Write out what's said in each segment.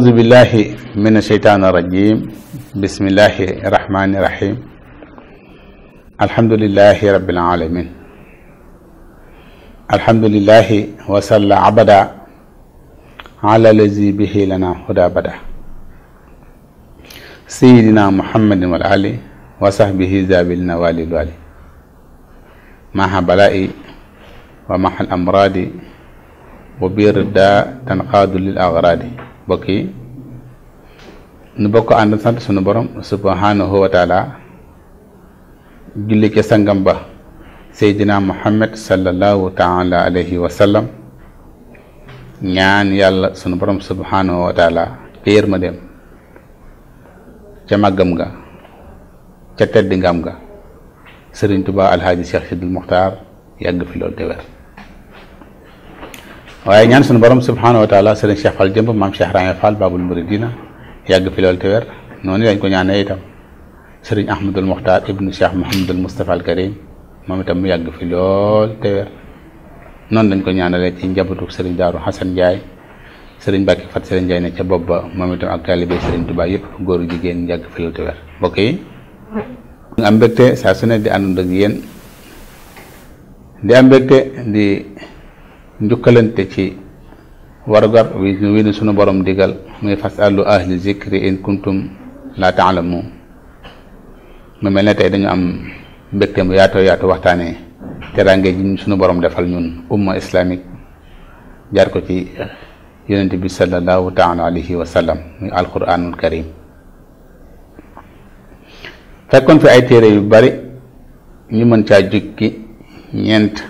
أعوذ بالله من الشيطان الرجيم بسم الله الرحمن الرحيم الحمد لله رب العالمين الحمد لله وصلى عبدا على الذي به لنا هدى بدا سيدنا محمد والآل وصحبه ذاب النوال الوالي مع بلائي ومع الأمراض وبير الداء تنقاد للأغراض mbokk yi nu bokk ànd sant sunu borom subhanahu wa taala ci sangam ba seydina muhammad sallallahu taala alayhi wa ñaan yàlla sunu borom subhanahu wa taala ca yërmandeem ca màggam nga ca tedd ngam nga sëriñ tubaa alhaaji cheikh sidul muxtaar yàgg fi loolu te waaye ñaan suñu borom subhaanahu wa taala sëriñ jëmb maam Cheikh Rahane Fall Babul Muridina yàgg fi lool te noonu lañ ko ñaanee itam sëriñ Ahmadul Mokhtar ibnu Cheikh Mouhamadul Moustapha al Karim moom itam mu yàgg fi noonu lañ ko ñaanalee ci njabootu sëriñ Daaru Xasan Ndiaye sëriñ Mbacke Fat sëriñ Ndiaye ne ca bopp ba moom itam ak taalibe sëriñ Touba yëpp góor jigéen yàgg fi lool te wér mbokk yi. am mbégte saa su di ànd ak yéen di am mbégte di. njukkalante ci warugar wi wi sunu borom digal muy fasalu ahli zikri in kuntum laa taalamu mu mel ne tey dañu am mbégte mu yaatoo yaatu waxtaanee teraange ji sunu borom defal ñun umma islamique jaar ko ci yonente bi sallallahu taala alayhi wa sallam muy alquranul karim fekkoon fi ay téere yu bari ñu mën caa jukki ñeent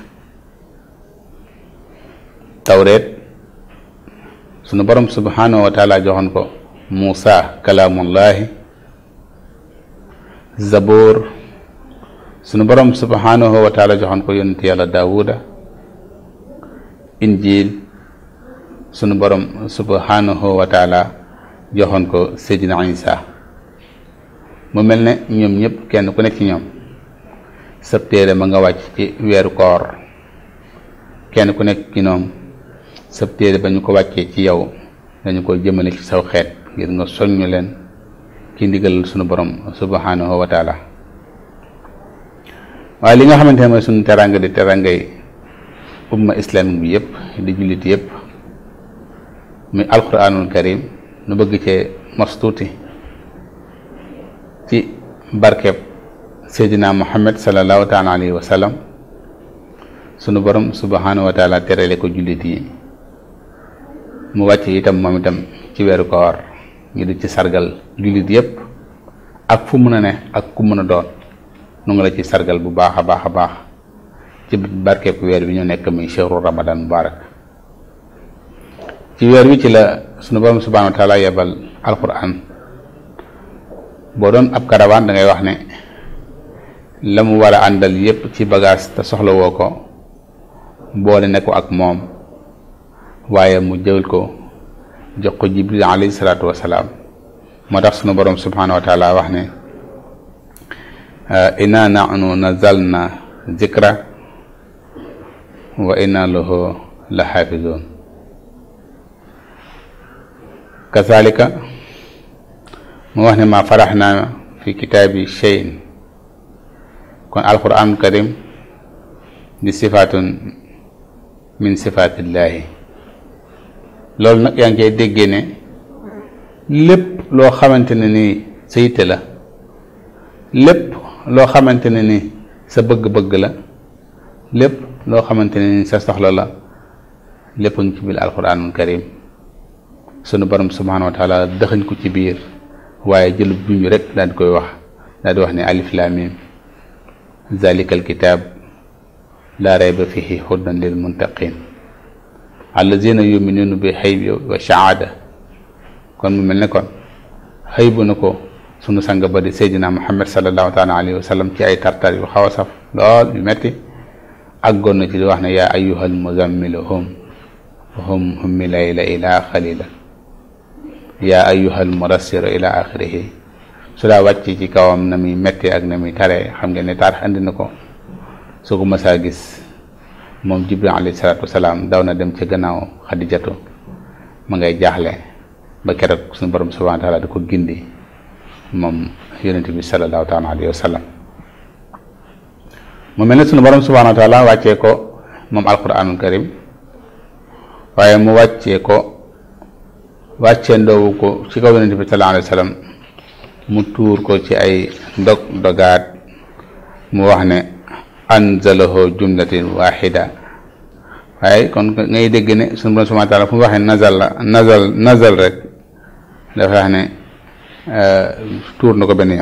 tawreet sunu borom subhanahu wa joxoon ko Muusa kalaamullaahi Zaboor sunu borom subhanahu wa taala joxoon ko yonent yàlla Daawuda Injiil sunu borom subhanahu wa joxoon ko Seydina Isa mu mel ne ñoom ñëpp kenn ku nekk ci ñoom sab ma nga wàcc ci weeru koor kenn ku nekk ci noom sa téere ba ñu ko wàccee ci yow dañu koy jëmale ci saw xeet ngir nga soññu leen ci ndigal sunu borom subhanahu wa taala waaye li nga xamante ne mooy sunu teranga di terangay umma islamique bi yëpp di jullit yëpp muy alquranul karim nu bëgg cee mos tuuti ci barkeb seydina muhammad sallallahu taala alayhi wa sallam sunu borom subhanahu wa taala terale ko jullit yi mu wàcc tam moom itam ci weeru koor ñu di ci sargal jullit yépp ak fu mun a ne ak ku mën a doon nu nga la ci sargal bu baax a baax a baax ci barkeeku weer bi ñu nekk muy shahru ramadan mubarak ci weer wi ci la sunu borom subhanahu wa taala yebal alquran boo doon ab karawaan da wax ne la mu war a àndal yépp ci bagage te soxlawoo ko boole ne ko ak moom waaye mu jël ko jox ko jibril alayhi salaatu wasalaam moo tax sunu borom subhaanahu wa taala wax ne inna nahnu nazalna zikra wa inna lahu la xaafizoon kazalika mu wax ne ma faraxna fi kitaabi cheyin kon alquran karim di sifaatun min sifaatillaahi loolu nag yaa ngi koy déggee ne lépp loo xamante ne ni sa yitte la lépp loo xamante ne ni sa bëgg-bëgg la lépp loo xamante ne ni sa soxla la lépp a ngi ci biir alxuraanul karim sunu borom subhaanahu wa taala dëxañ ko ci biir waaye jëlub juñu rek daal di koy wax daal di wax ne alif laam miim zalikal kitaab laa rayba fihi hudan lil allazina yuminuna bi xayb wa shahaada kon mu mel ne kon xëybu na ko sunu sang ba di seydina muhammad salallahu taala ci ay tartar yu xaw a saf lool yu metti àggoon na ci di wax ne yaa ayyuhal muzammilu hum hum hummi layla ila xalila yaa ayyuhal murassiru ila axirihi su daa wàcc ci kawam na muy metti ak na muy tare xam ngeen ne andi na ko su ko moom jibril alayhi salaatu wasalaam daw na dem ca gannaaw xadijatu ma ngay jaaxle ba keroog borom subhaanahu wa ko gindi moom yonent bi mel ne suñu borom subhaanahu wa ko moom alquraanul karim waaye mu wàccee ko wàccee ndoowu ko ci kaw yonent bi salallaahu alayhi mu tuur ko ci ay ndog dogaat mu wax anzalahoo jumlatin waxida waaye kon ngay dégg ne suñu borom subhaana taala fu mu waxee nazal la nazal nazal rek dafa wax ne euh, tuur na ko benn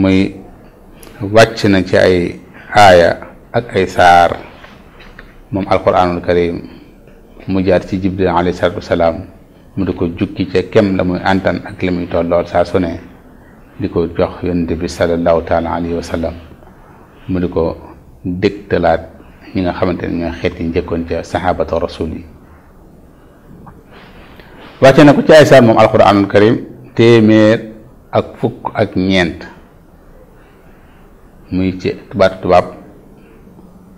muy wàcc na ci ay aaya ak ay saar moom alquranul karim mu jaar ci jibril alayhi salaatu wasalaam mu di ko jukki ca kem la muy antan ak li muy tollool saa su ne di ko jox yonent bi sallallahu taala alayhi wa mu di ko dégtalaat ñi nga xamante ne ñooy xeeti yi njëkkoon ca saxaabata rasul yi wàcce na ko ci ay saar moom alxuraanul karim téeméer ak fukk ak ñeent muy ci baatu tubaab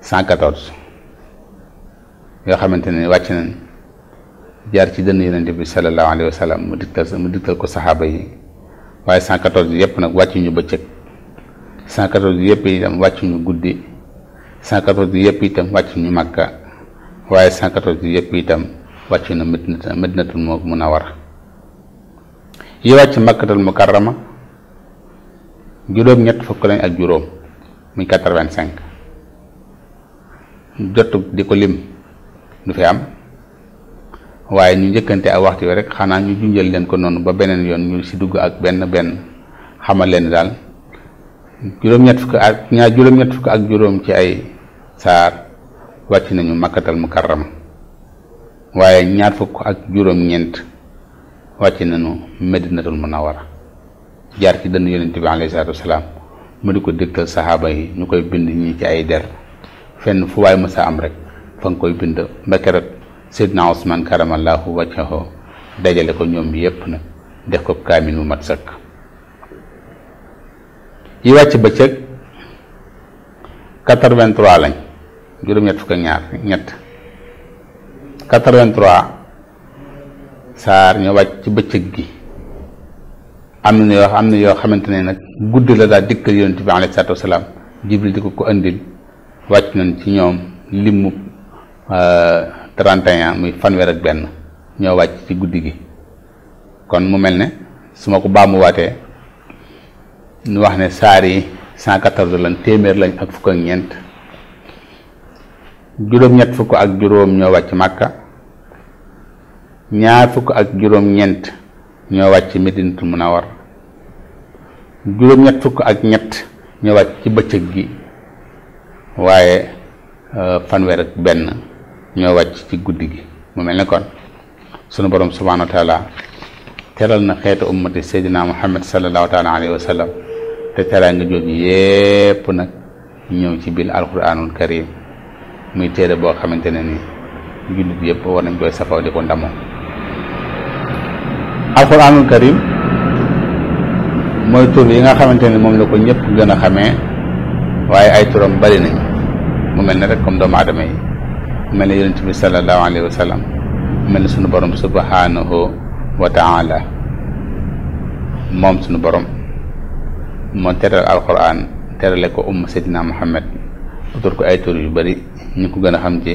114 yoo xamante ne wàcc na jaar ci dënn yonent bi sallallahu alayhi wa sallam mu digtal mu digtal ko saxaaba yi waaye 114 yépp nag wàcc ñu bëccëg cent quatorze yëpp itam wàccuñu guddi cent quatorze yëpp itam wàccuñu makka waaye cent quatorze yëpp itam wàccu na medina medinatul munawwara yi wàcc makkatul mukarrama juróom ñett fukk lañ ak juróom muy quatre vingt jot di ko lim du fi am waaye ñu njëkkante ak waxtu wi rek xanaa ñu junjal leen ko noonu ba beneen yoon ñu ci dugg ak benn benn xamal leen daal juróom-ñett fukk ak ñaar juróom-ñett fukk ak juróom ci ay saar wàcc nañu makkatal mukarrama waaye ñaar fukk ak juróom-ñeent wàcc nañu medinatul war jaar ci dënn yonent bi alayhi salaatu wasalaam mu di ko dëkkal saxaaba yi ñu koy bind ñi ci ay der fenn fu waay mësa am rek fa nga koy bind ba keroog Seydina Usmaan karamallahu wajhahu dajale ko ñoom yépp nag def ko kaamil mu mat sëkk yi wàcc bëccëg quatre-vingt-trois lañ juróom-ñett fukk ñaar ñett quatre-vingt-trois saar ñu wàcc ci bëccëg gi am na yoo am na yoo xamante ne nag guddi la daa dikkal yonent bi alayhi salaatu wasalaam jibril di ko ko andil wàcc nañ ci ñoom limu euh, trente muy fanweer ak benn ñoo wàcc ci guddi gi kon mu mel ne su ma ko mu baamuwaatee ñu wax ne saar yi lañ téeméer lañ ak fukk ak ñeent juróom-ñett fukk ak juróom ñoo wàcc màkka ñaar fukk ak juróom-ñeent ñoo wàcc medinatul munawar juróom-ñett fukk ak ñett ñoo wàcc ci bëccëg gi waaye euh, fanweer ak benn ñoo wàcc ci guddi gi mu mel ni kon sunu boroom subhaanahu wa taala teral na xeetu ummati seydina muhammad sallallahu taala alayhi wa sallam te teraanga jooju yépp nag ñëw ci biir alquranul karim muy téere boo xamante ne ni jullit yépp war nañ koy safoo di ko ndamoo alquranul karim mooy tur yi nga xamante ni moom la ko ñëpp gën a xamee waaye ay turam bari nañ mu mel na rek comme doomu aadama yi mel ne yonent bi sallallahu alayhi wa sallam mel ne sunu borom subhanahu wa taala moom sunu boroom moo teral alquran terale ko umma seydina muhammad utul ko ay tur yu bari ñu ko gën a xam ci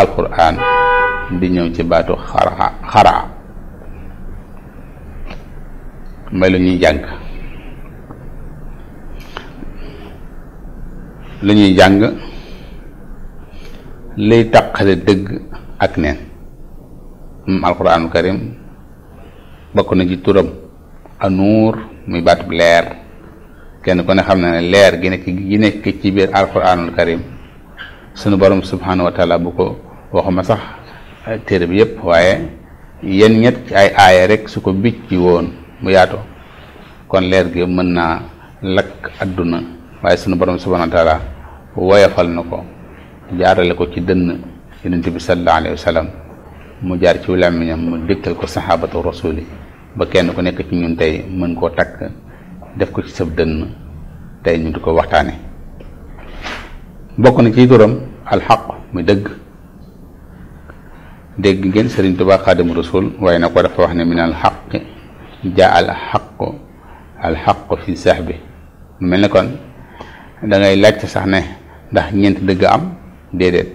alquran di ñëw ci baatu xara xara may lu ñuy jàng lu ñuy jàng lay taqale dëgg ak neen moom alquranul karim bokk na ci turam nuur muy baatub leer kenn ku ne xam na ne leer gi nekk gi nekk ci biir alquranul karim sunu borom subhanahu wa bu ko waxuma sax téere bi yépp waaye yenn ñett ay aaya rek su ko bicc woon mu yaatoo kon leer gi mën naa lakk adduna waaye sunu borom subhanahu wa taala woyofal na ko jaarale ko ci dënn yonente bi sallallahu alayhi wa sallam mu jaar ci làmmiñam mu dégtal ko sahabatu ba kenn ku nekk ci ñun tey mën koo takk def ko ci sab dënn tey ñu ko waxtaane bokk na ci turam alxaq muy dëgg dégg ngeen sëriñ Tuubaa xaadimu rasul waaye na ko dafa wax ne mu min alxaq jaa alxaq alxaq fi sax bi mu mel ni kon dangay laajte sax ne ndax ñeent dëgg am déedéet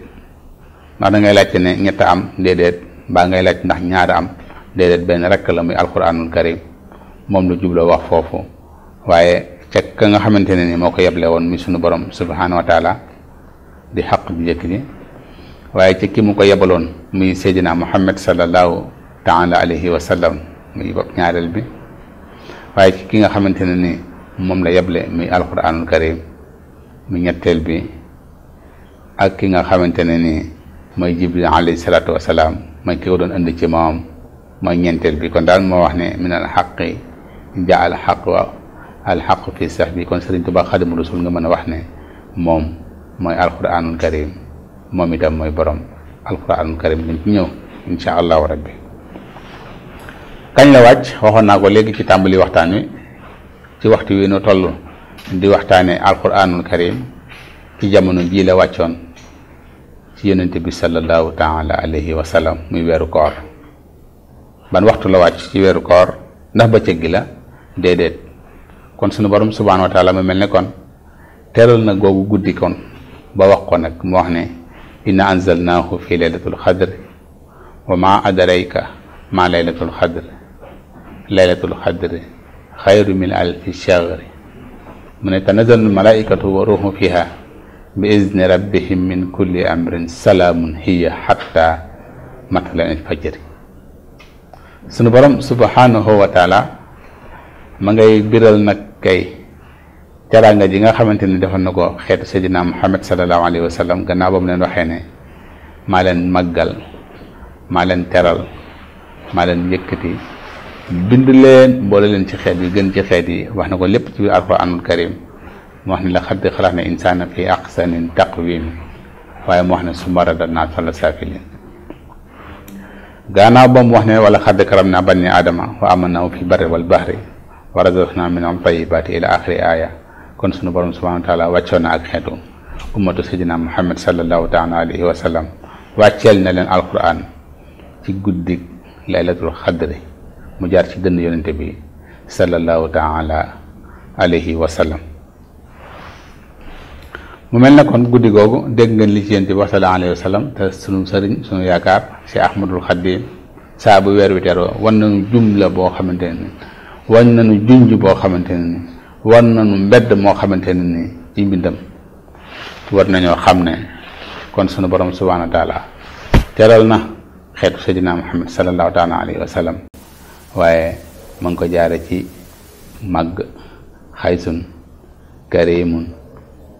ndax dangay laajte ne ñett am déedéet mbaa ngay laajte ndax ñaar am déedéet benn rekk la muy alquranul karim moom la jubloo wax foofu waaye fekk ka nga xamante ne ni moo ko yeble woon mi sunu borom subhanahu wa taala di xaq ju njëkk ji waaye ci ki mu ko yebaloon mu seydina muhammad salallahu taala alayhi wa sallam muy ñaareel bi waaye ci ki nga xamante ne ni moom la yeble muy alquranul karim muy ñetteel bi ak ki nga xamante ne ni mooy jibril alayhi salaatu wasalaam mooy ki doon indi ci moom mooy ñeenteel bi kon daal moo wax ne min al xaqi jaal xaq alxaqu fi sax bi kon Sëriñ Tuubaa Xaadimu Rasuul nga mën a wax ne moom mooy alquraanul karim moom dem mooy borom alquraanul karim dañ ci ñëw incha allahu rabbi kañ la wàcc waxoon naa ko léegi ci tàmbali waxtaan wi ci waxtu wi nu toll di waxtaane alquraanul karim ci jamono jii la wàccoon ci yonente bi sallallahu taala alayhi wa muy weeru koor ban waxtu la wàcc ci weeru koor ndax bëccëg gi la déedéet kon sunu borom subhaanahu wa taala mu mel ne kon teral na googu guddi kon ba wax ko nag mu wax ne inna anzalnaahu fi laylatul xadr wa maa adrayka maa laylatul xadr laylatul xadr xayru min alfi shahri mu ne tanazalul malaikatu wa ruuhu fiha bi izni rabbihim min kulli amrin salaamun hiya xatta matla fajri sunu borom subhaanahu wa taala ma ngay biral nag kay nga ji nga xamante ni defal na ko xeet Seydina Muhammad sallallahu alayhi wa sallam gannaaw leen waxee ne maa leen màggal maa leen teral maa leen yëkkati bind leen mboole leen ci xeet yi gën ci xeet yi wax na ko lépp ci biir alxuraanul karim mu wax ne la xadd xalaat na insaana fi axsanin taqwim waaye mu wax ne summa radadnaa asfala saafiliin gannaaw wax ne wala xadd karam naa bani aadama wa amal naa fi barri wal bahri wa a minal tayyibaati ila axiri aaya kon sunu borom subhaanahu wa taala wàccoon na ak xeetu ummatu sayyidina Muhammad sallallahu taala wàcceel na leen alquran ci guddi laylatul xadri mu jaar ci dënn yonente bi sallallahu taala mu mel ne kon guddi googu dégg ngeen li ci yonente bi sallallahu alayhi wa te sunu sëriñ sunu yaakaar si Ahmadul Xadim saa bu weer wi teroo wan jumla boo xamante wañ nañu junj boo xamante ne ni wan nañu mbedd moo xamante ne ni ci mbindam war ñoo xam ne kon sunu borom subhaana wa taala teral na xeetu sayyidina Muhammad sallallahu taala alayhi wa waaye ma ngi ko jaare ci màgg xaysun karimun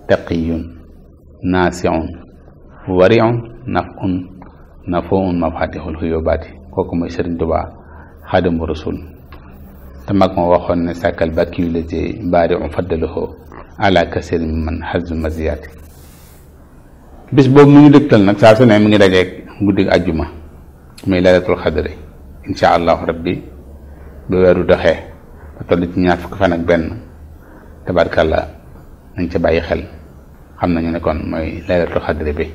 taqiyun naasiun wariun nafun nafoun mafatihul huyobaati kooku mooy Sëriñ Tuubaa xaadimu rasul te mag ma waxoon ne sàkkal bàkkiyu la jëy mbaari um faddaluxoo ala kasir mi man xasu maziyaati bis boobu mu ñu dëgtal nag saa su mu ngi dajeeg guddi ajjuma muy laylatul xadri incha allahu rabbi bu weeru doxee ba toll ci ñaar fukki fan ak benn tabarkàlla nañ ca bàyyi xel xam nañu ne kon mooy laylatul xadri bi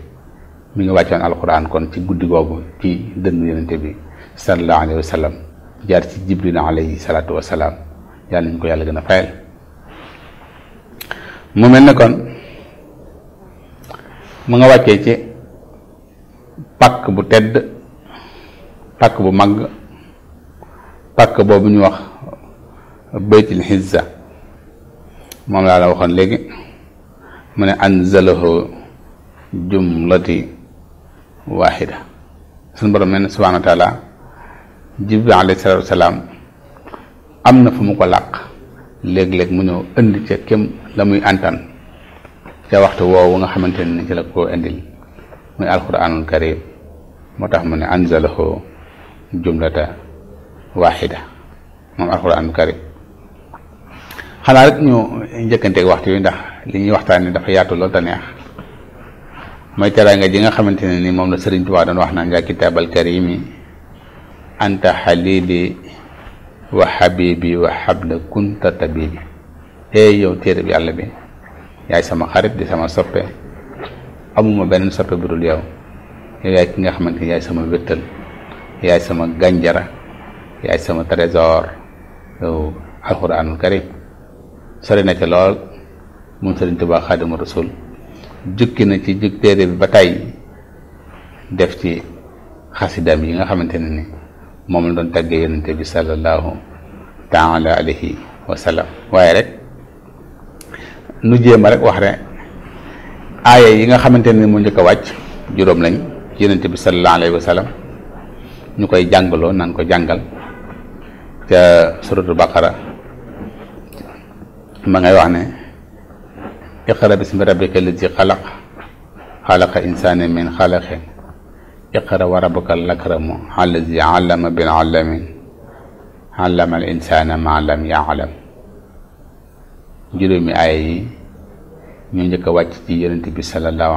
mi ngi wàccoon alquran kon ci guddi googu ci dënn yonente bi sallallahu alayhi wa jaar ci jibril alayhi salaatu wasalaam yàlla nañ ko yàlla gën a fayal mu mel ne kon mu nga wàccee ci pàkk bu tedd pàkk bu mag pàkk boobu ñu wax baytul xizza moom laa la waxoon léegi mu ne anzalahu jumlati waxida suñu borom mel ne subhanahu jibril alayhi salaatu wasalaam am na fu mu ko làq léeg-léeg mu ñëw indi ca kem la muy antan ca waxtu woowu nga xamante ni ci la ko indil muy alquranul karim moo tax mu ne anzalahu jumlata waxida moom alquranul karim xanaa rek ñu njëkkanteeg waxtu wi ndax li ñuy waxtaan ni dafa yaatu lool te neex mooy teraanga ji nga xamante ne ni moom la Sëriñ Tuubaa doon wax naan yaa kitaabal karim yi anta xalili wa xabibi wa xabla kunta tabibi hey yow téere bi yàlla bi yaay sama xarit di sama soppe amuma beneen soppe bu dul yow yaay ki nga xamante ni yaay sama wéttal yaay sama gànjara yaay sama trésor yow alxuraanul karim sori na ci lool moom Sëriñ Tuubaa Xaadimu Rasuul jukki na ci jug téere bi ba tey def ci xasidam yi nga xamante ne ni moom la doon taggee yonente bi sallallahu taala alayhi wa waaye rek nu jéem a rek wax rek aaya yi nga xamante ni mu njëkk a wàcc juróom lañ yonente bi sallallahu alayhi wa sallam ñu koy jàngaloo naan ko jàngal ca suratul baqara ma ngay wax ne iqra bismi rabbika allazi xalaq xalaqa insana min xalaqin iqra wa rabbukal al insana ma lam ya'lam juróomi aaya yi ñoo njëkk a wàcc ci yonent bi sallallahu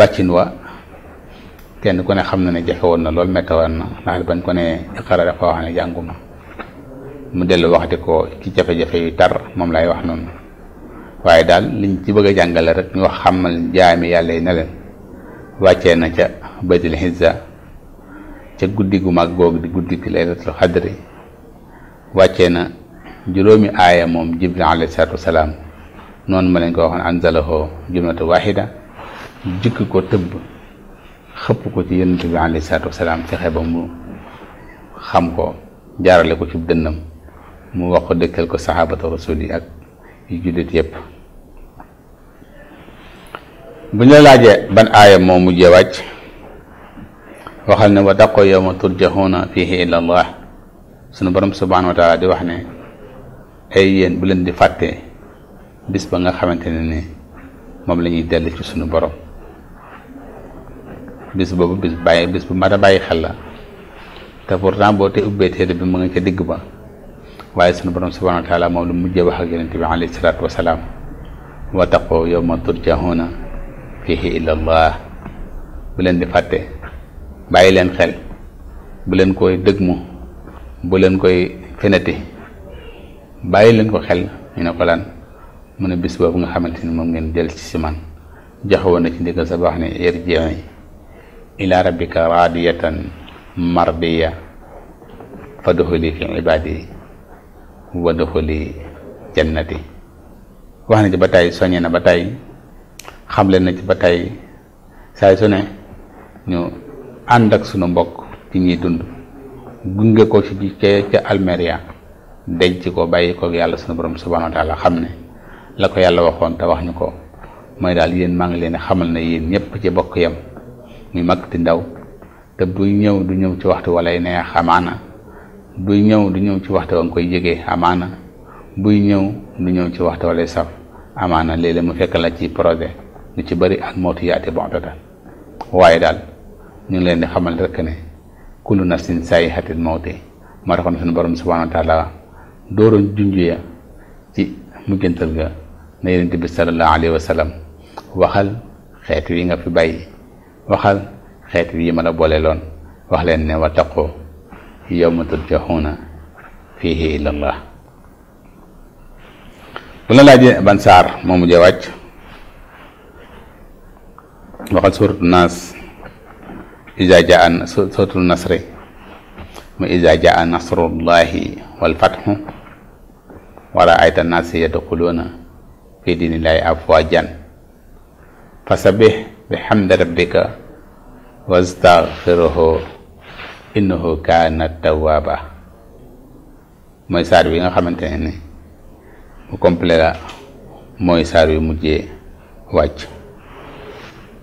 wàccin wa kenn ku ne xam na ne jafe na lool mette ko ne iqra wax mu dellu waxati ko ci jafe-jafe yu moom lay wax noonu waaye daal liñ ci bëgg jàngale rek ñu wax xamal jaami yàlla yi ne leen wàccee na ca baytul xizza ca guddi gu mag googu di guddi gi laylatul xadri wàccee na juróomi aaya moom jibril alayhi salaatu wasalaam noonu ma leen ko waxoon anzalahoo jumlata waxida jikk ko tëb xëpp ko ci yonent bi alayhi salaatu wasalaam fexe ba mu xam ko jaarale ko ci dënnam mu wax ko dëkkal ko saxaabata rasul yi ak yu jullit yépp bu ñu la laajee ban aaya moo mujjee wàcc waxal ne wa taqoo yawma turjaxuuna fihi ila allah sunu borom subhanahu wa di wax ne ay bu leen di fàtte bis ba nga xamante ne ni moom la ñuy dellu ci sunu borom bis boobu bis bàyyi bis bu mat a bàyyi xel la te pourtant boo te ubbee téere bi mu nga ca digg ba waaye sunu borom subhanahu wa taala moom lu mujjee wax ak yonente bi alayhi salaatu wasalaam wa taqoo yawma turjaxuuna fihi illallah bu leen di fàtte bàyyi leen xel bu leen koy dëgmu bu leen koy fenati bàyyi leen ko xel ñu ne ko lan mu ne bis boobu nga xamante ni moom ngeen jël ci si man joxewoon na ci ndigal sa baax ne irji'i ila rabbika raadiyatan mardiya fadxuli fi ibaadi wadxuli jannati wax na ci ba tàyyi soññe na ba tàyyi xam leen ci ba tey saay su ne ñu ànd ak sunu mbokk ci ñuy dund gunge ko ci ci ca Almeria denc ko bàyyi ko yàlla sunu borom subhaanahu wa taala xam ne la ko yàlla waxoon te wax ñu ko mooy daal yéen maa ngi leen xamal na yéen ñëpp ci bokk yam muy mag di ndaw te buy ñëw du ñëw ci waxtu wala neex amaana buy ñëw du ñëw ci waxtu wa nga koy jege amaana buy ñëw du ñëw ci waxtu wala saf amaana léeg-léeg mu fekk la ci projet ñu ci bëri al mawtu yaati baxdatan waaye daal ñu ngi leen di xamal rek ne kullu nafsin saayihatil mawti moo taxoon suñu borom subhanahu wa taala dooroon junjee ci mujjantal ga na yonent bi salallahu alayhi wa sallam waxal xeet wi nga fi bàyyi waxal xeet wi ma la boole loon wax leen ne wa taqoo yawma turjaxuuna fiihi ilallah bu la laajee ban saar moomu ja waxal suuratu naas izaa jaa suuratu nasri mu izaa jaa nasrullahi wal fathu wa ra'ayta naasa yadxuluuna fi diinillaahi afwaajan fasabbih bihamdi rabbika wastaghfirhu innahu kaana tawwaaba mooy saar wi nga xamante ne ni mu complet la saar wi mujjee wàcc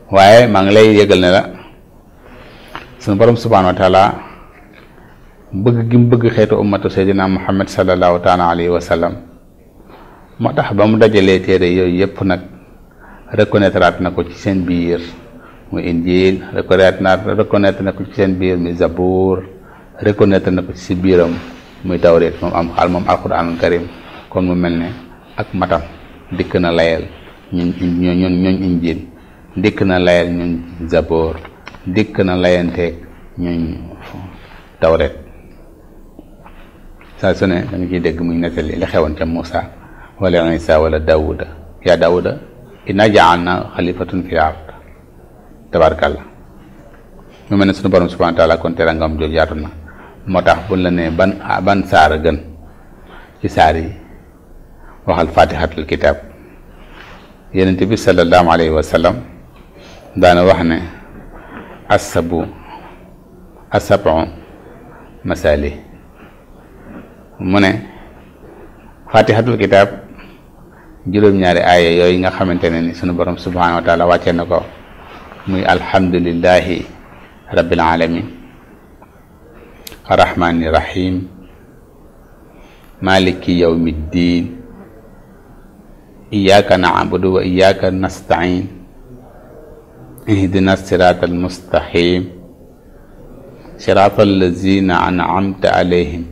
waaye maa ngi lay yëgal ne la sunu borom subhaanahu wa taala bëgg gi mu bëgg xeetu ummatu sayyidina muhammad sallallahu taala alayhi wa moo tax ba mu dajalee téere yooyu yëpp nag reconnaître na ko ci seen biir mu injil reconnaître na reconnaître ko ci seen biir muy zabuur reconnaître na ko ci si biiram muy tawreet moom am xaal moom alquranul karim kon mu mel ne ak matam dikk na layal ñun ñun ñun dikk na layal ñuñ zaboor dikk na layanteeg ñuñ tawret saa su ne danga ciy dégg muy nettali li xewoon ca Muusa wala Isa wala Daawuda yaa Daawuda inna ja'alna xalifatun fil ard tabarkalla mu mel ne suñu borom subhana taala kon terangam jooju yaatu na moo tax buñ la ne ban ban saar gën ci saar yi waxal fatihatul kitab yenente bi sallallahu alayhi wa sallam daana wax ne asabu asabon masali mu ne fatihatul kitab juróom-ñaari aaya yooyu nga xamante ne ni sunu borom subhanahu wa taala na ko muy alhamdulillahi rabbil alamin arrahmani rahim maliki yawmiddin iyyaka na'budu wa iyyaka nasta'in اهدنا الصراط المستقيم صراط الذين أنعمت عليهم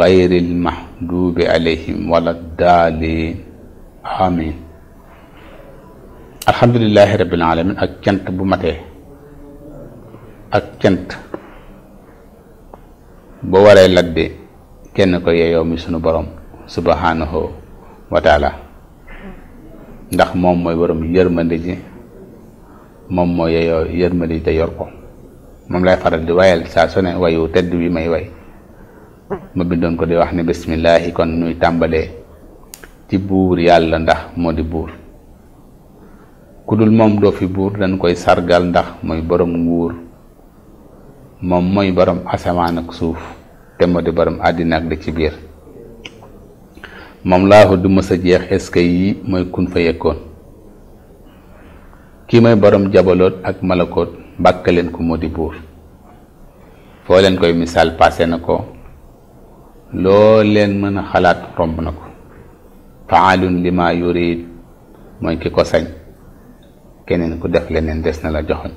غير المحجوب عليهم ولا الضالين آمين alhamdulilahi rabbil alamin ak cant bu matee ak cant boo waree ladde kenn ko yeeyoo mi sunu borom subhanahu wa taala moom mooy borom yërmande ji moom moo yeyoo yërmali te yor moom lay faral di wayal saa su ne wayu tedd bi may way ma bindoon ko di wax ne bismillaahi kon nuy tàmbalee ci buur yàlla ndax moo di buur ku dul moom doo fi buur dañ koy sargal ndax mooy boroom nguur moom mooy borom asamaan ak suuf te moo di borom àddina ak di ci biir moom laahu du mës a jeex est-ce mooy kun fa yëkkoon kii mooy borom jabaloot ak malakoot bàkk leen ko moo di buur foo leen koy misaal passé na ko loo leen mën a xalaat romb na ko faalun li ma yurid mooy ki ko sañ keneen ku def leneen des na la joxoñ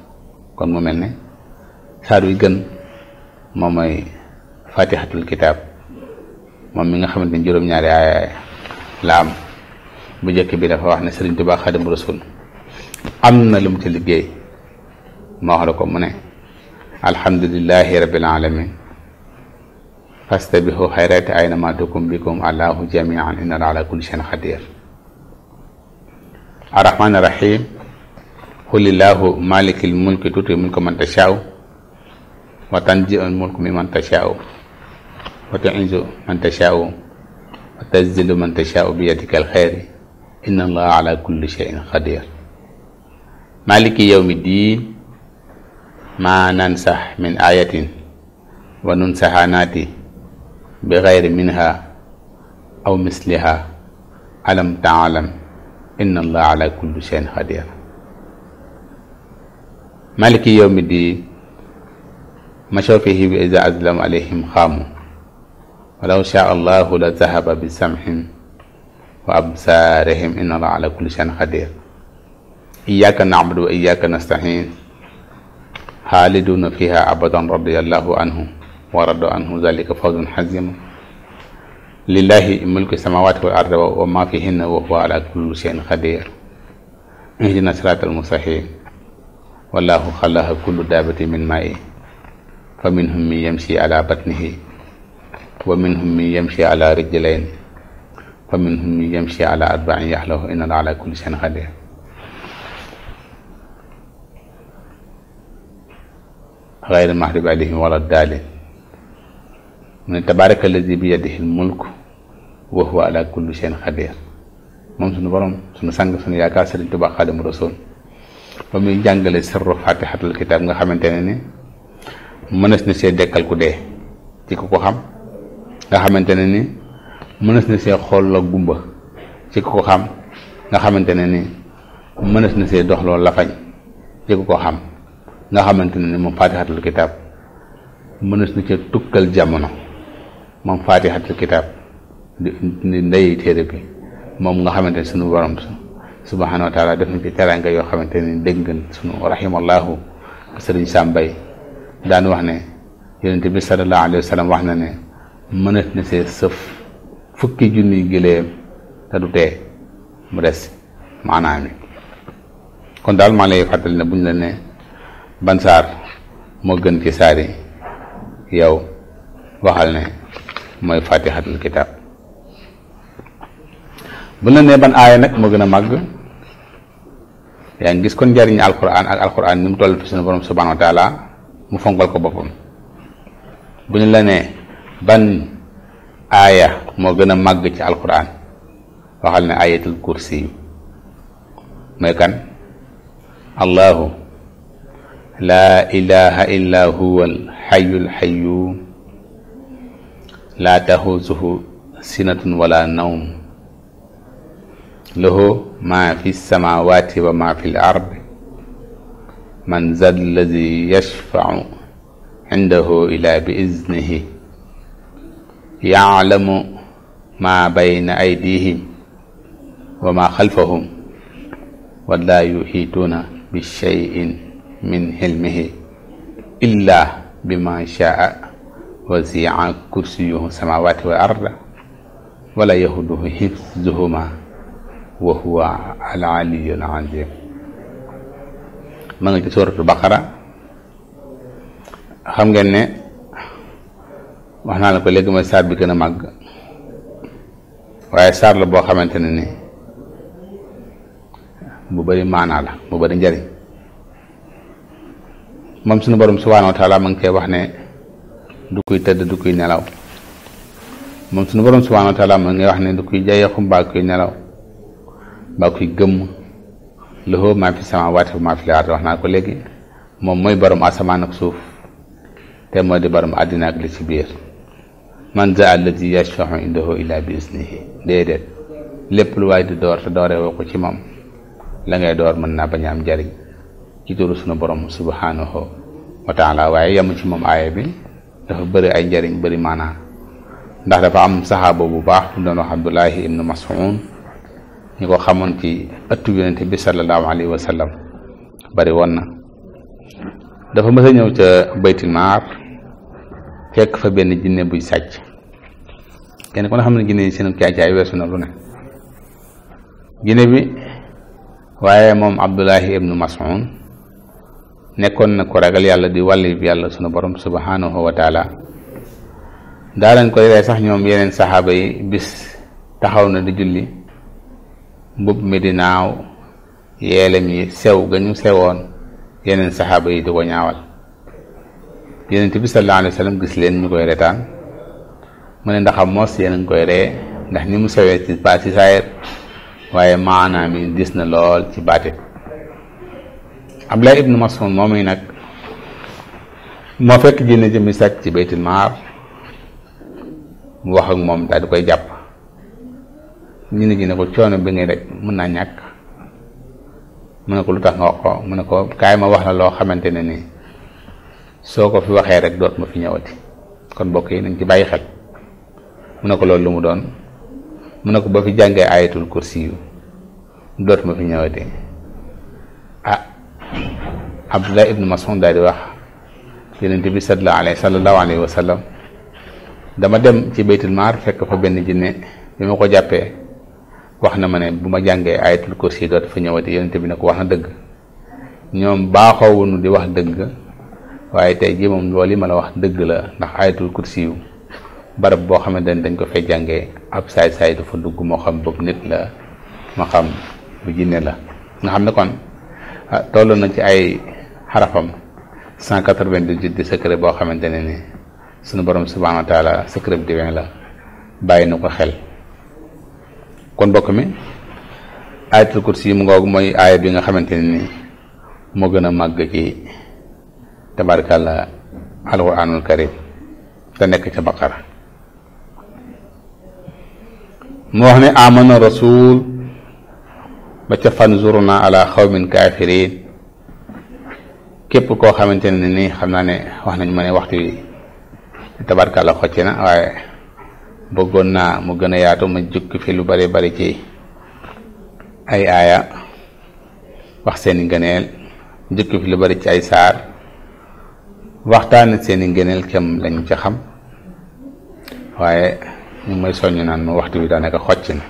kon mu mel ne saar wi gën moom mooy fatihatul kitaab moom mi nga xamante ni juróom-ñaari aaya la am bu njëkk bi dafa wax ne Sëriñ Tuubaa Xaadimu Rasuul am na lu mu ci liggéey ma wax la ko mu ne alhamdulilahi rabbil alamin fastabihu xayrati aynama tukum bikum allahu jamian inna ala kulli shayin xadir arrahman arrahim xulillahu malikil mulki tuti mulko man tashaaw wa tanjiul mulku mi man tashaaw wa tuizu man tashaaw wa tazdilu man tashaaw biyadika alxayri inna allaha ala kulli shayin xadir maliki yawmi diin maa nansax min ayatin wa nunsaha naati bi xayri minha aw misliha alam taalam inna allah ala kulli shayin xadir maliki yawmi diin mashoo fihi bi iza azlam alayhim xaamu walaw shaa allahu la zahaba bi samhim wa absaarihim inna allah ala kulli shayin xadir iyyaka na'budu wa iyyaka nasta'in xaaliduna fiha abadan radiyallahu anhu wa radu anhu zalika fawzun azima lillahi mulku samawati wal ardi wa ma fihinna wa huwa ala kulli shay'in qadir ihdina siratal mustaqim wallahu xalaqa kullu daabati min ma'i fa minhum man yamshi ala batnihi wa minhum man yamshi ala rijlayn fa minhum man yamshi ala arba'in yahlahu innahu ala kulli shay'in qadir xayri maxribi alayhim wala daalin mu ne tabaaraka lazi bi yadihi mulk wa huwa ala kulli shayin xadir moom suñu borom suñu sang suñu yaakaar Sëriñ Tuubaa Xaadimu Rasuul ba muy jàngale sirru faatixatul kitaab nga xamante ne ni mënees na see dekkal ku dee ci ko xam nga xamante ne ni mënees see xool la gumba ci ko xam nga xamante ne ni mënees see doxloo lafañ ci ku ko xam nga xamante ni moom faatixatul kitaab mënees na ca tukkal jamono moom faatixatul kitaab ndey téere bi moom nga xamante ne sunu borom su wa taala def na ci teraanga yoo xamante ne dégg ngeen sunu rahimallahu sëriñ Sàmbay daan wax ne yonente bi sallallahu alayhi wa sallam wax na ne mënees na see sëf fukki junniy gileem te du tee mu des maanaam kon daal maa lay fàttali ne buñ la ne ban saar moo gën ci saar yi yow waxal ne mooy fatihatul kitab bu la nee ban aaya nag moo gën a màgg yaa ngi gis kon njariñ alquran ak alquran ni mu toll fi suñu borom subhanahu wa mu fonkal ko boppam bu ñu la ban aaya moo gën a màgg ci alquran waxal ne ayatul kursi mooy kan allahu laa ilaha illa huwa alxayul xayuum laa taxuusuhu sinatun wala nawm lahu maa fi samaawaati wa maa fi l ard man za allazi yashfau indahu ila bi iznihi yaalamu maa bayna aydihim wa maa xalfahum wala yuhiituuna bi cheyin min xilmihi illaa bima shaa wazia kursiyuhu samawati wal arda wala yahuduhu hifzuhuma wa huwa al aliyul azim ma nga ci suratul baqara xam ngeen ne wax naa la ko léegi mooy saar bi gën a màgg waaye saar la boo xamante ne ni bu bëri maanaa la bu bëri njëriñ moom suñu borom subhaanahu wa taala mu ngi koy wax ne du kuy tëdd du kuy nelaw moom sunu borom subhaanahu wa taala mu ngi wax ne du kuy jayeexu mbaa kuy nelaw mbaa kuy gëmm lahu ma fi samaawaati wa maa fi l-ard wax naa ko léegi moom mooy borom asamaan ak suuf te moo di borom àddina ak biir man za allazi yashfau indahu illa bi isnihi déedéet lépp lu waay di door te dooree woo ko ci moom la ngay door mën naa bañ am njariñ ci turu sunu borom subhanahu wa taala waaye yemu ci moom aaya bi dafa bëri ay njariñ bëri maanaa ndax dafa am saxaaba bu baax bu doon wax Abdullahi ibnu Mas'ud ñi ko xamoon ci ëttu yonent bi sallallahu alayhi wa sallam bari woon na dafa mës a ñëw ca baytil maar fekk fa benn jinne buy sàcc kenn ku ne xam ne jinne yi seen caay weesu na lu ne jinne bi waaye moom Abdullahi ibnu Mas'ud nekkoon na ko ragal yàlla di wàlli yàlla sunu borom subhanahu wa taala daanañ ko rey sax ñoom yeneen saxaaba yi bis taxaw na di julli mbubb mi di naaw yeelem yi sew ga ñu sewoon yeneen saxaaba yi di ko ñaawal yonent bi sallallahu alayhi gis leen ñu koy mu ne ndaxam mos yéen a ngi koy ree ndax ni mu sewee ci baat waaye maanaam yi dis na lool ci baate am Abdullah ibnu Mas'ud moom yi nag moo fekk jinne ji mi sàcc ci baytil maar mu wax ak moom daal di koy jàpp jinne ji ne ko coono bi ngay rek mën naa ñàkk mu ne ko lu tax nga wax ko mu ne ko kaay ma wax na loo xamante ne nii soo ko fi waxee rek dootuma fi ñëwati kon mbokk yi nañ ci bàyyi xel mu ne ko loolu lu mu doon mu ne ko ba fi jàngee ayatul kursi dootuma doot ma fi ñëwati Abdullah ibnu Mas'ud daal di wax yonent bi sallallahu alayhi sallallahu alayhi wa sallam dama dem ci baytul maar fekk fa benn jinne bi ma ko jàppee wax na ma ne bu ma jàngee ayatul kursi dootu fa ñëwati yonent bi ne ko wax na dëgg ñoom baaxoo baaxoowunu di wax dëgg waaye tey jii moom loolu yi ma la wax dëgg la ndax ayatul kursi yu barab boo xamante ne dañ ko fay jàngee ab saay-saay dafa dugg moo xam boobu nit la ma xam bu jinne la nga xam ne kon ah, toll na ci ay xarafam cent quatre-vingt-dix-huit di secret boo xamante ne ni sunu borom subhaanahu wa taala secret bu la bàyyi na ko xel kon mbokk mi ayatul kursi yi mu ngoog mooy aaya bi nga xamante ne ni moo gën a màgg ci tabarkàlla alquranul karim te nekk ca baqara mu wax ne amana rasul ba ca fanzurna ala xawmin kafirin képp koo xamante ne nii xam naa ne wax nañ ma ne waxtu yi tabarkàlla xocc na waaye bëggoon naa mu gën a yaatu ma jukki fi lu bari bari ci ay aaya wax seeni ngëneel jukki fi lu bari ci ay saar waxtaan seeni ngëneel kem lañ ca xam waaye ñu may soññ naan ma waxtu bi daanaka xocc na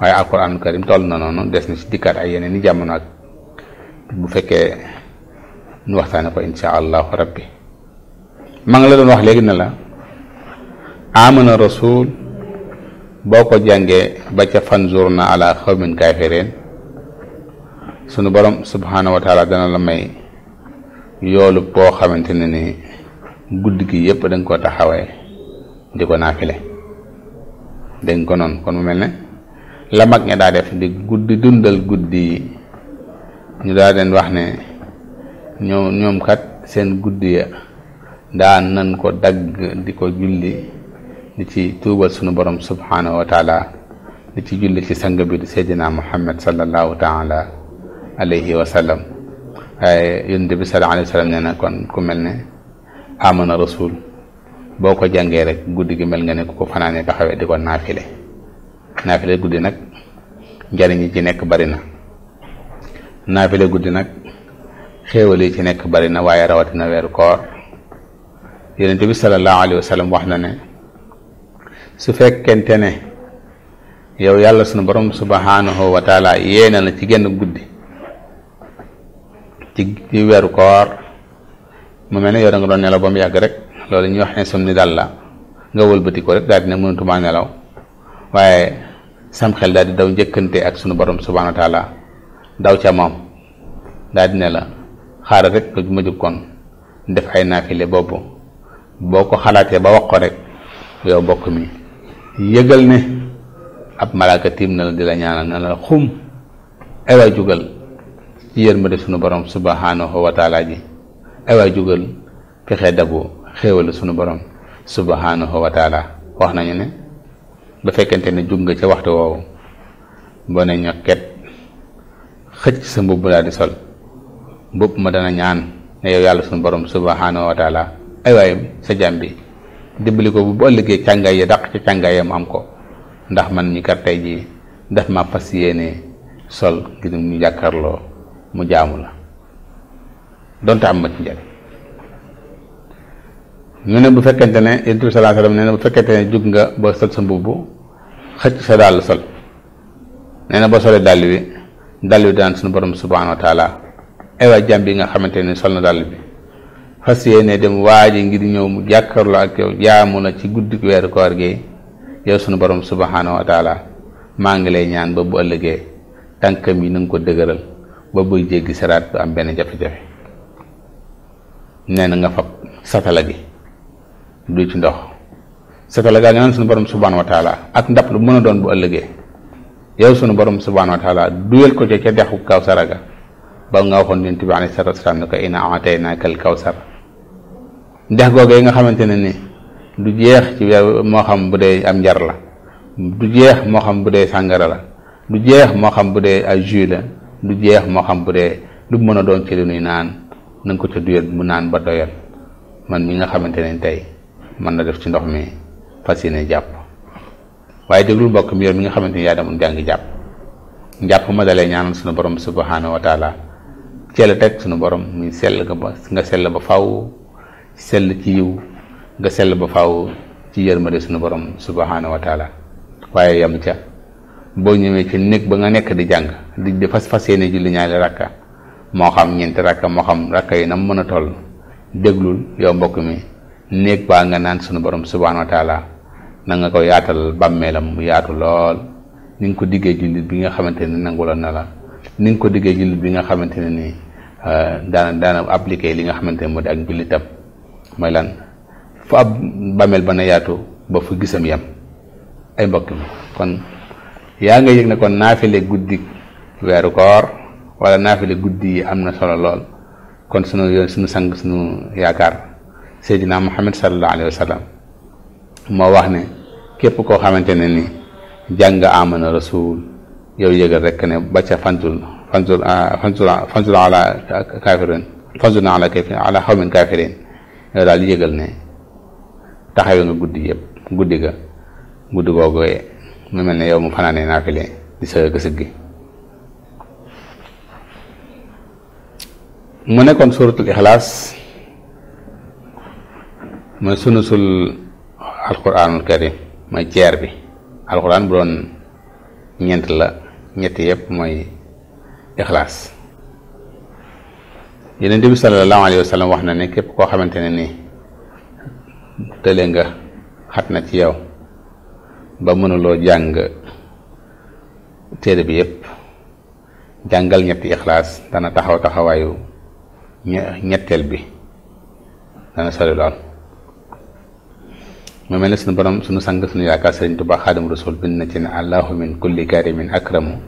waaye alquran karim toll na noonu des na ci dikkaat ay yeneen i jamono ak bu fekkee nu waxtaane ko insha allahu rabbi ma ngi la doon wax léegi ne la amana rasul boo ko jàngee ba ca fan fanzurna ala xawmin kaafirin sunu borom subhanahu wa taala dana la may yoolu boo xamante ne ni guddi gi yëpp dañ nga koo taxawee di ko naafile dégg ko noon kon mu mel ne la mag ña daa def di guddi dundal guddi ñu daa den wax ne ñoom kat seen guddi ya daan nan ko dagg di ko julli di ci tuubal sunu borom subhaanahu wa di ci julli ci sang bi di seydina muhammad sallallahu taala alayhi wa sallam waaye yonent bi sallallahu alayhi wa sallam kon ku mel ne amana rasul boo ko jàngee rek guddi gi mel nga ne ku ko fanaanee taxawee di ko naafile naafile guddi nag njariñ yi ci nekk bari na naafile guddi nag xéewal yi ci nekk bari na waaye rawatina weeru koor yonent bi sallallahu alayhi wa sallam wax na ne su fekkente ne yow yàlla sunu borom subhanahu wa taala yéena la ci genn guddi ci weeru koor mu mel ne yow da nga doon nelaw ba mu yàgg rek loolu ñuy wax ni dal la nga wëlbati ko rek daal dina mënatumaa nelaw waaye sam xel daal di daw jëkkante ak sunu borom subhanahu wa daw ca moom daal di ne la xaaral rek nga ma jóg kon def ay naafile boobu boo ko xalaatee ba wax ko rek yow bokk mi yëgal ne ab malaaka tiim na la di la ñaanal na la xum aywaay e jugal ci yërmande sunu borom subhanahu wa taala ji aywaay e jugal fexe dabu xéewal sunu borom subhanahu wa wax nañu ne ba fekkente ne jug nga ca waxtu woowu boo ne ñokket xëcc sa mbubb laa di sol bopp ma dana ñaan ne yàlla suñu borom subhanahu wa taala ay waaye sa jàmm bi dimbali ko bu boo ëllëgee càngaay yi daq ci càngaay ya mu am ko ndax man ñi kat tey jii daf ma fas yéene sol ngir ñu jàkkaarloo mu jaamu la donte am ma ci njëriñ ñu ne bu fekkente ne yonent bi sallallahu alayhi wasallam nee na bu fekkente ne jug nga ba sol sa mbubb xëcc sa dàll sol ne na ba solee dàll wi dàll daan suñu borom subhanahu wa ay waay bi nga xamante ni sol na dàll bi fas yéene dem waaji ngir ñëw mu jàkkarloo ak yow jaamu la ci guddik weeru koor gi yow sunu borom subhaanahu maa ngi lay ñaan ba bu ëllëgee yi na ko dëgëral ba am benn jafe-jafe nee na du ci ndox satala gaa ngi sunu borom subhaanahu wa ak ndap lu mën a doon bu ëllëgee yow sunu borom subhaanahu wa duyal ko ca ca dexu kaw saraga ba nga waxoon yonent bi alayhi salaatu wasalaam ne ko inna ataynaaka al kawsar dex googee nga xamante ne ni du jeex ci moo xam bu dee am njar la du jeex moo xam bu dee sàngara la du jeex moo xam bu dee ay jus la jeex moo xam bu dee lu mën a doon ci nuy naan na nga ko ca duyal mu naan ba doyal man mi nga xamante ne tey mën na def ci ndox mi fas yéene jàpp waaye déglul mbokk mi yow mi nga xamante ni yaa demoon jàpp njàpp ma dalee ñaanal sunu borom subhanahu wa taala ci la teg sunu borom muy sell nga ba nga sell ba faaw sell ci yiw nga sell ba faw ci yërmande sunu borom subhaanahu wa waaye yam ca boo ñëwee ci nekk ba nga nekk di jàng di di fas fas yéene julli moo xam ñeenti rakka moo xam rakka yi nam mën a toll déglul yow mbokk mi néeg baa nga naan sunu borom subhaanahu wa taala na nga ko yaatal bàmmeelam mu yaatu lool ni nga ko diggee jullit bi nga xamante ne nanguloon na la ni nga ko diggee jullit bi nga xamante nii Euh, daana daana appliqué li nga xamante ne moo di ak mbilitam mooy lan fa ab bàmmeel ba na yaatu ba fu gisam yam ay mbokk mi kon yaa nga yëg ne kon naafile guddi weeru koor wala naafile guddi yi am na solo lool kon sunu yoon sunu sang sunu yaakaar seydina muhammad sallallahu alayhi wa sallam moo wax ne képp koo xamante ne ni jàng amana rasul yow yëgal rek ne ba ca fantul fanzur fanzur fanzur ala kaafirin fanzur na ala kaafirin ala xawmin kaafirin yow daal yëgal ne taxawee nga guddi yëpp guddi ga guddi mu mel ne yow mu fanaanee naafile di sëgg mu nekkoon suuratul ixlaas karim mooy ceer bi alquran bu doon ñeent la ñetti yëpp mooy ixlaas Yonent bi sallallahu alayhi wa wax na ne képp koo xamante ne ni tële nga xat na ci yow ba mënuloo jàng téere bi yépp jàngal ñetti ixlaas dana taxaw taxawaayu ñetteel bi dana sori lool mu mel ne suñu borom suñu sang suñu yaakaar Sëriñ Tuubaa Xaadimu Rasuul bind na ci ne allahu min kulli karimin akramu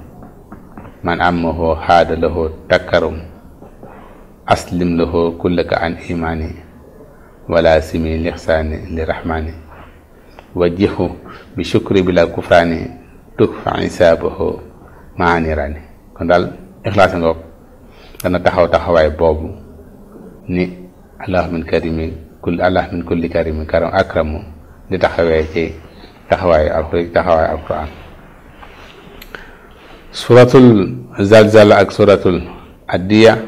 man ammahu haada lahu takkarum aslim lahu kullaka an imani wala simi lixsaani li rahmani wajihu bi shukri bila kufraani tuk fa isaabahu maanirani kon daal ixlaas nga dana taxaw taxawaay boobu ni allah min karimi kul allah min kulli karimi karam akramu di taxawee ci taxawaayu suratul zalzala ak suratul addiya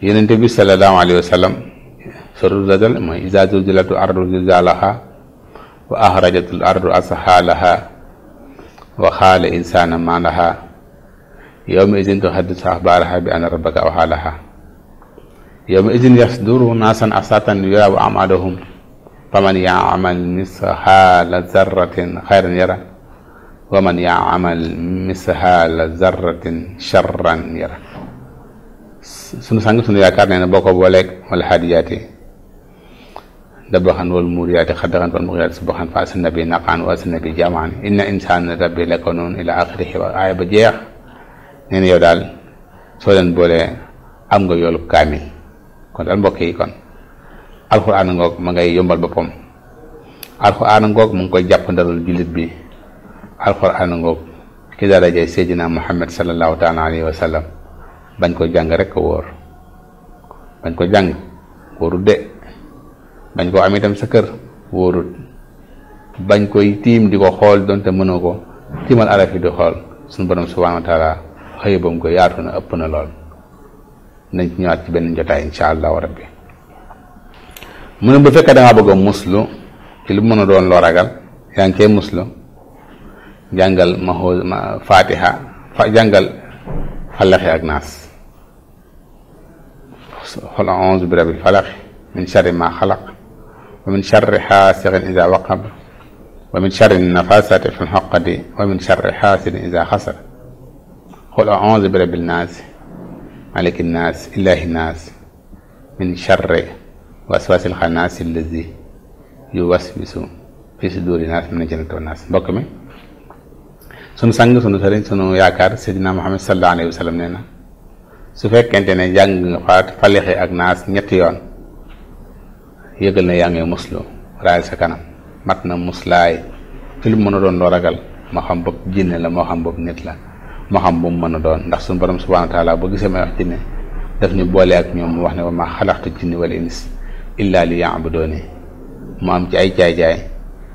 yonent bi sallallahu alayhi wa sallam suratul zalzala mooy iza zulzilatul ardu zilzalaha wa ahrajatul ardu asxaalaha wa xaala insana ma laha yawma idin tuhaddisu axbaaraha bi anna rabbaka awhaa laha yawma idin yasduru naasan asatan yuraawu amalahum faman yaamal misqaala zarratin xayran yara wa man yaamal mishaala zarratin charran yara sunu sàng sunu yaakaar nee na boo ko booleeg wala xaadiyaati dabaxan wal muuriyaati xaddaxan wal muxiyaati subaxan fa asna bi naqaan wa asna bi jamaan inna insaan rabbi la kanuun ila axirihi wa aaya ba jeex nee na yow daal am nga yoolu kaamil kon daal mbokk yi kon alxuraan ngoog ma ngay yombal boppam alxuraan ngoog mu ngi koy jàpp ndalul bi alquran ngoog ci darajay seydina muhammad salallahu taala alayhi wa bañ ko jàng rek ko wóor bañ ko jàng wóorut de bañ ko am itam sa kër wóorut bañ koy tiim di ko xool donte mënoo ko tiimal araf yi di xool suñu borom subhanahu wa taala xëyubam ko yaatu na ëpp na lool nañ ci ñëwaat ci benn jotaay incha allahu rabbi mu ne bu fekkee da ngaa muslu ci lu mën a doon loo ragal yaa ngi cee muslu jàngal mahoo fatiha fa jàngal falaxi ak naas xola onze bi rabi falaxi min charri ma xalaq wa min charri xaasiqin ida waqab wa min charri nafasati fi lxoqati wa min charri xaasidin ida xasar xola onze bi rabi naas maliki naas ilahi naas min charri waswasil xanaas allazi yuwaswisu fi suduri naas min aljannati wa naas mbokk mi sunu sang sunu sëriñ sunu yaakaar seydina Muhammad sallallahu alayhi wa sallam nee na su fekkente ne jàng nga faat falixi ak naas ñetti yoon yëgal na yaa ngi muslu raay sa kanam mat na muslaay ci lu mën a doon loo ragal moo xam bopp jinne la moo xam bopp nit la moo xam bu mu mën a doon ndax suñ borom subhaanahu wa taala boo gisee may wax jinne daf ñu boole ak ñoom mu wax ne wa ma xalaxtu jinne wala ins illaa li yaabudooni mu am ci ay caay-caay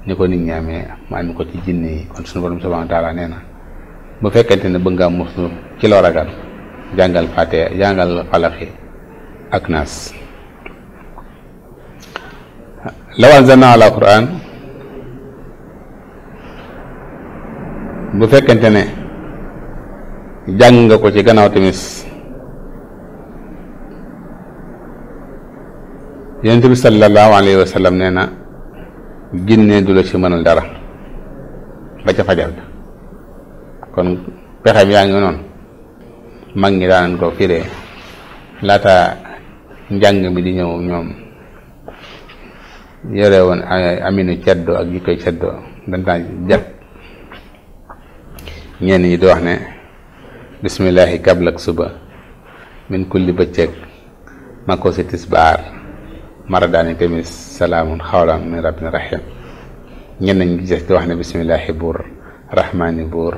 ni ko nit ñi amee ma ko ci jinne yi kon suñu borom subhanahu wa taala nee na bu fekkente ne bëgg nga am muslu ci loo ragal jàngal fàtte jàngal falaxi ak naas law anzalna ala quran bu fekkente ne jàng nga ko ci gannaaw timis yonent bi sallallahu alayhi wa sallam nee na jinne du la ci mënal dara ba ca fajar kon pexe bi yaa ngi noonu mag ñi daanan ko firee laata njàng mi di ñëw ñoom yore woon aminu ceddo ak jikkoy ceddo dañ taa jàpp ñenn ñi di wax ne bismillahi kablak suba min kulli bëccëg ma ko si tisbaar maradaani tamit salaamun xawlan min rabbin rahim ñen nañ gi gis wax ne bisimillahi buur rahmaani buur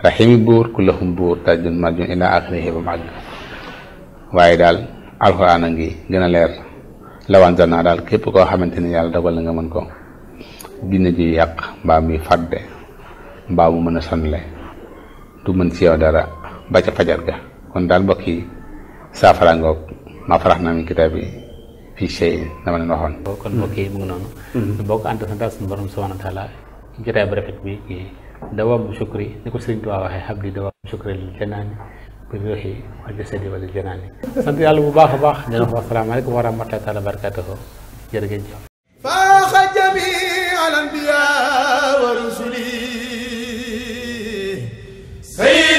rahimi buur kulahum buur tajjun majjun ila axirihi ba màgg waaye daal alxuraan a ngi gën leer lawanza naa daal képp koo xamante ni yàlla dogal na nga mën ko dina ji yàq mbaa muy fàdde mbaa mu mën a sonle du mën ci yow dara ba fajar ga kon daal mbokk yi ngoog ma farax naa mi kitaab yi fii shay'in dama leen waxoon. kon mbokk yi mu ngi noonu. ñu mhm. bokk ànd sant ak suñu borom subhanahu wa taala jotaay bu rafet bi ci dawaam bu sukri ni ko sëriñ Tuubaa waxee abdi dawaam bu sukri lil janaani bi ruuxi wal jasadi wal janaani. sant yàlla bu baax a baax. di leen wax asalaamaaleykum wa rahmatullahi taala barakaatuhu jërë ngeen jëf. faaxa jamii al anbiyaa wa rusuli